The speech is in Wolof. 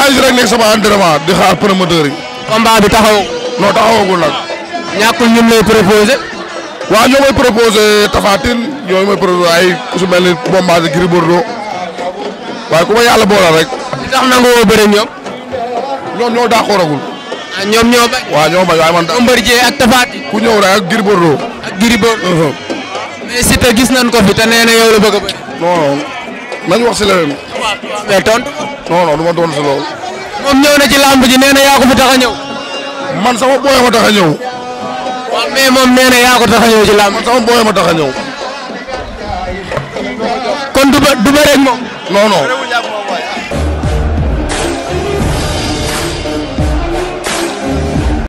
xaalis rek nekk sama entraînement di xaar promoteur yi. combat bi taxaw. non taxawagul nag. ñàkkul ñun lay proposé. waaw ñoo may proposé Tapha Tine may proposé ay ku su ni Bombardier Gris Bordeaux waaye ku ma yàlla boolal rek. li tax nangu woo bëre ñoom. ñoom ñoo daaxooragul. ah ñoom ñoo bañ. waaw ñoo bañ waaye man. Bombardier uh-huh. gis nañ ko fi te nee na la bëgg a bëri. non nañ wax si leneen. mais tontu. non non ma doon si loolu. moom ñëw na ci laam ji ci na yaa ko fi a ñëw. man sama booy ma tax a ñëw. waaw mais moom nee na yaa ko tax a ñëw ci làmb. man sama booy ma tax a ñëw. kon du ba rek moom.